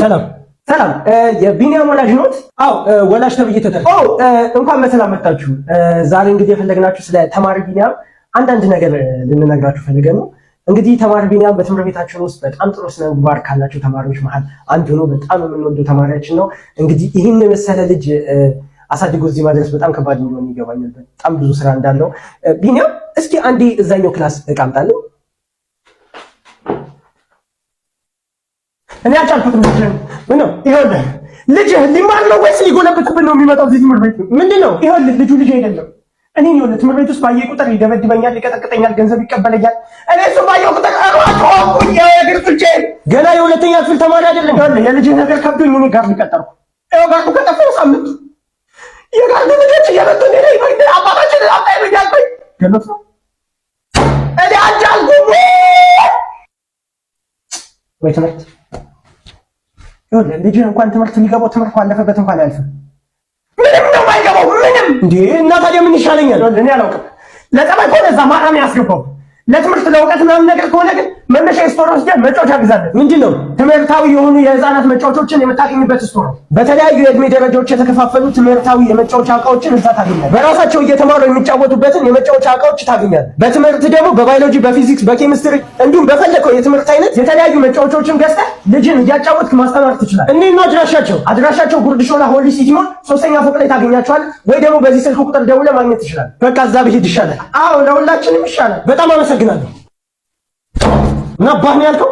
ሰላም ሰላም የቢኒያም ወላጅ ኖት? አዎ ወላጅ ተብዬ ተጠርኩ። እንኳን በሰላም መጣችሁ። ዛሬ እንግዲህ የፈለግናችሁ ስለ ተማሪ ቢኒያም አንዳንድ ነገር ልንነግራችሁ ፈልገን ነው። እንግዲህ ተማሪ ቢኒያም በትምህርት ቤታችን ውስጥ በጣም ጥሩ ስነ ምግባር ካላቸው ተማሪዎች መሀል አንዱ ነው። በጣም የምንወደው ተማሪያችን ነው። እንግዲህ ይህን የመሰለ ልጅ አሳድጎ እዚህ ማድረስ በጣም ከባድ እንደሆነ ይገባኛል። በጣም ብዙ ስራ እንዳለው ቢኒያም፣ እስኪ አንዴ እዛኛው ክላስ እቃምጣለሁ እኔ አልቻልኩትም። ምን ነው ይኸውልህ፣ ልጅህ ሊማር ነው ወይስ ሊጎለብትብን ነው የሚመጣው እዚህ ትምህርት ቤት? ምንድን ነው ይኸውልህ፣ ልጁ ልጅ አይደለም። እኔ ይኸውልህ፣ ትምህርት ቤት ውስጥ ባየህ ቁጥር ይደበድበኛል፣ ይቀጠቅጠኛል፣ ገንዘብ ይቀበለኛል። እኔ እሱ ባየሁ ቁጥር እሯጭ የእግር ፍልቼ ገና የሁለተኛ ክፍል ተማሪ አይደለም። ይኸውልህ፣ የልጅህ ነገር ከብዶኝ እኔ ጋር ሊቀጠርኩ ይኸው ጋር ከጠፈ ሳምንት የጋር ልጆች እየመጡ ኔ ላይ አባታችን አጣ ይበኛልኩኝ ገለጽ እኔ አልቻልኩም ወይ ትምህርት ይሁን ልጅ እንኳን ትምህርት ሊገባው ትምህርት ካለፈበት እንኳን አያልፍም። ምንም ነው የማይገባው። ምንም እንዴ! እና ታዲያ ምን ይሻለኛል? እኔ አላውቅም። ለጠባይ ከሆነ እዛ ማራም ያስገባው፣ ለትምህርት ለእውቀት ምናምን ነገር ከሆነ ግን መነሻ ስቶር ውስጥ መጫወቻ ግዛለት። ምንድን ነው ትምህርታዊ የሆኑ የህፃናት መጫወቻዎችን የምታገኝበት ስቶር ነው። በተለያዩ የእድሜ ደረጃዎች የተከፋፈሉ ትምህርታዊ የመጫወቻ እቃዎችን እዛ ታገኛለህ። በራሳቸው እየተማሩ የሚጫወቱበትን የመጫወቻ እቃዎች ታገኛለህ። በትምህርት ደግሞ በባዮሎጂ፣ በፊዚክስ፣ በኬሚስትሪ እንዲሁም በፈለከው የትምህርት አይነት የተለያዩ መጫወቻዎችን ገዝተህ ልጅን እያጫወትክ ማስተማር ትችላለህ። እኔ ነው አድራሻቸው አድራሻቸው ጉርድ ሾላ ሆሊ ሲቲ ሞል ሶስተኛ ፎቅ ላይ ታገኛቸዋል። ወይ ደግሞ በዚህ ስልክ ቁጥር ደውለህ ማግኘት ትችላለህ። በቃ እዛ ብሄድ ይሻላል። አዎ ለሁላችንም ይሻላል። በጣም አመሰግናለሁ። ምን ነው ያልከው?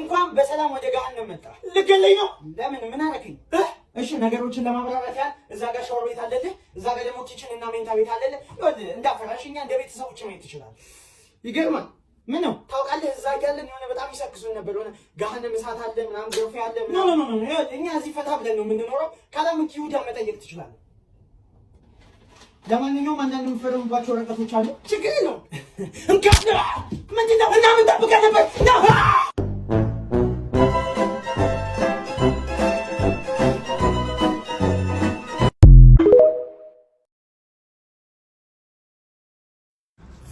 እንኳን በሰላም ወደ ገሃነም መጣ። ልገለኝ ነው? ለምን? ምን አደረገኝ? እሺ ነገሮችን ለማብራራት ያህል እዛ ጋር ሻወር ቤት አለልህ፣ እዛ ጋር ደግሞ ኪችን እና ሜንታ ቤት አለልህ። እንዳፈራሽ እኛ እንደ ቤተሰቦች ማየት ትችላለህ። ይገርማል። ምን ነው ታውቃለህ፣ እዛ ያለን የሆነ በጣም ይሰክሱን ነበር። ሆነ ገሃነም እሳት አለ ምናምን ገርፌ አለ። እኛ እዚህ ፈታ ብለን ነው የምንኖረው። ካላምክ ይሁዳ መጠየቅ ትችላለህ ለማንኛውም አንዳንድ የምፈረሙባቸው ወረቀቶች አሉ። ችግር ነው እንካ ምንድን ነው እና ምን ጠብቀህ ነበር?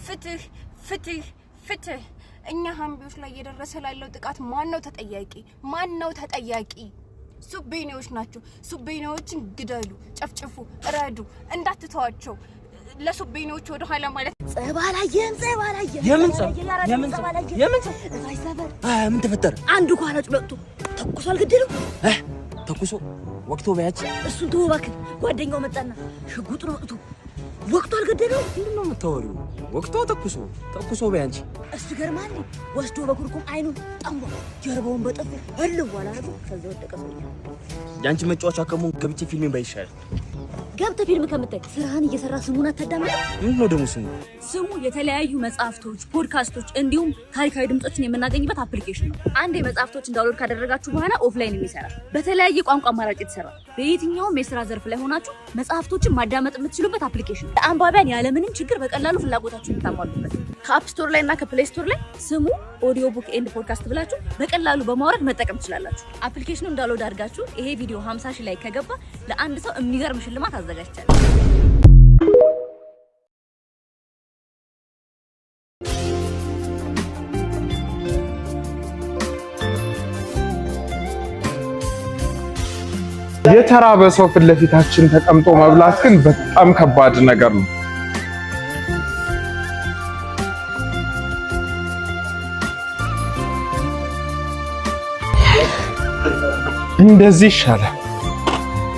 ፍትህ ፍትህ ፍትህ! እኛ ሀምቢዎች ላይ እየደረሰ ላለው ጥቃት ማን ነው ተጠያቂ? ማን ነው ተጠያቂ? ሱቤኔዎች ናቸው። ሱቤኔዎችን ግደሉ፣ ጨፍጭፉ፣ እረዱ፣ እንዳትተዋቸው። ለሱቤኔዎች ወደ ኋላ ማለት ጸባ ላየም ምን ተፈጠረ? አንዱ ጓራጭ መጥቶ ተኩሶ አልገደለው እ ተኩሶ ወቅቶ በያች እሱን ተወው እባክህ። ጓደኛው መጣና ሽጉጥ ነው እቱ ወቅቱ አልገደለው። ምንድን ነው የምታወሪው? ወቅቱ ተኩሶ ተኩሶ በያንቺ እሱ ገርማል። ወስዶ በኩርኩም አይኑ ጠሞ ጀርባውን በጠፍ እልዋላ ከዚ ወደቀ። ያንቺ መጫወቻ ከመሆን ከብቼ ፊልሜን ባይሻል ገብተህ ፊልም ከምታይ ስራህን እየሰራ ስሙን አታዳምጥ። ምን ነው ደግሞ ስሙ? ስሙ የተለያዩ መጽሐፍቶች፣ ፖድካስቶች እንዲሁም ታሪካዊ ድምጾችን የምናገኝበት አፕሊኬሽን ነው። አንዴ የመጽሐፍቶች እንዳውሎድ ካደረጋችሁ በኋላ ኦፍላይን የሚሰራ በተለያየ ቋንቋ አማራጭ የተሰራ በየትኛውም የስራ ዘርፍ ላይ ሆናችሁ መጽሐፍቶችን ማዳመጥ የምትችሉበት አፕሊኬሽን አንባቢያን ያለምንም ችግር በቀላሉ ፍላጎታችሁን የምታሟሉበት ከአፕ ስቶር ላይ እና ከፕሌይ ስቶር ላይ ስሙ ኦዲዮ ቡክ ኤንድ ፖድካስት ብላችሁ በቀላሉ በማውረድ መጠቀም ትችላላችሁ። አፕሊኬሽኑ እንዳውሎድ አድርጋችሁ ይሄ ቪዲዮ 50 ሺህ ላይ ከገባ ለአንድ ሰው የሚገርም ሽልማት አዘጋጅ አዘጋጅቻለሁ። የተራበ ሰው ፊት ለፊታችን ተቀምጦ መብላት ግን በጣም ከባድ ነገር ነው። እንደዚህ ይሻላል።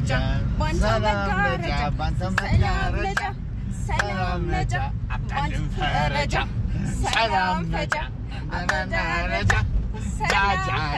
ነጫ ሰላም ነጫ ሰላም ነጫ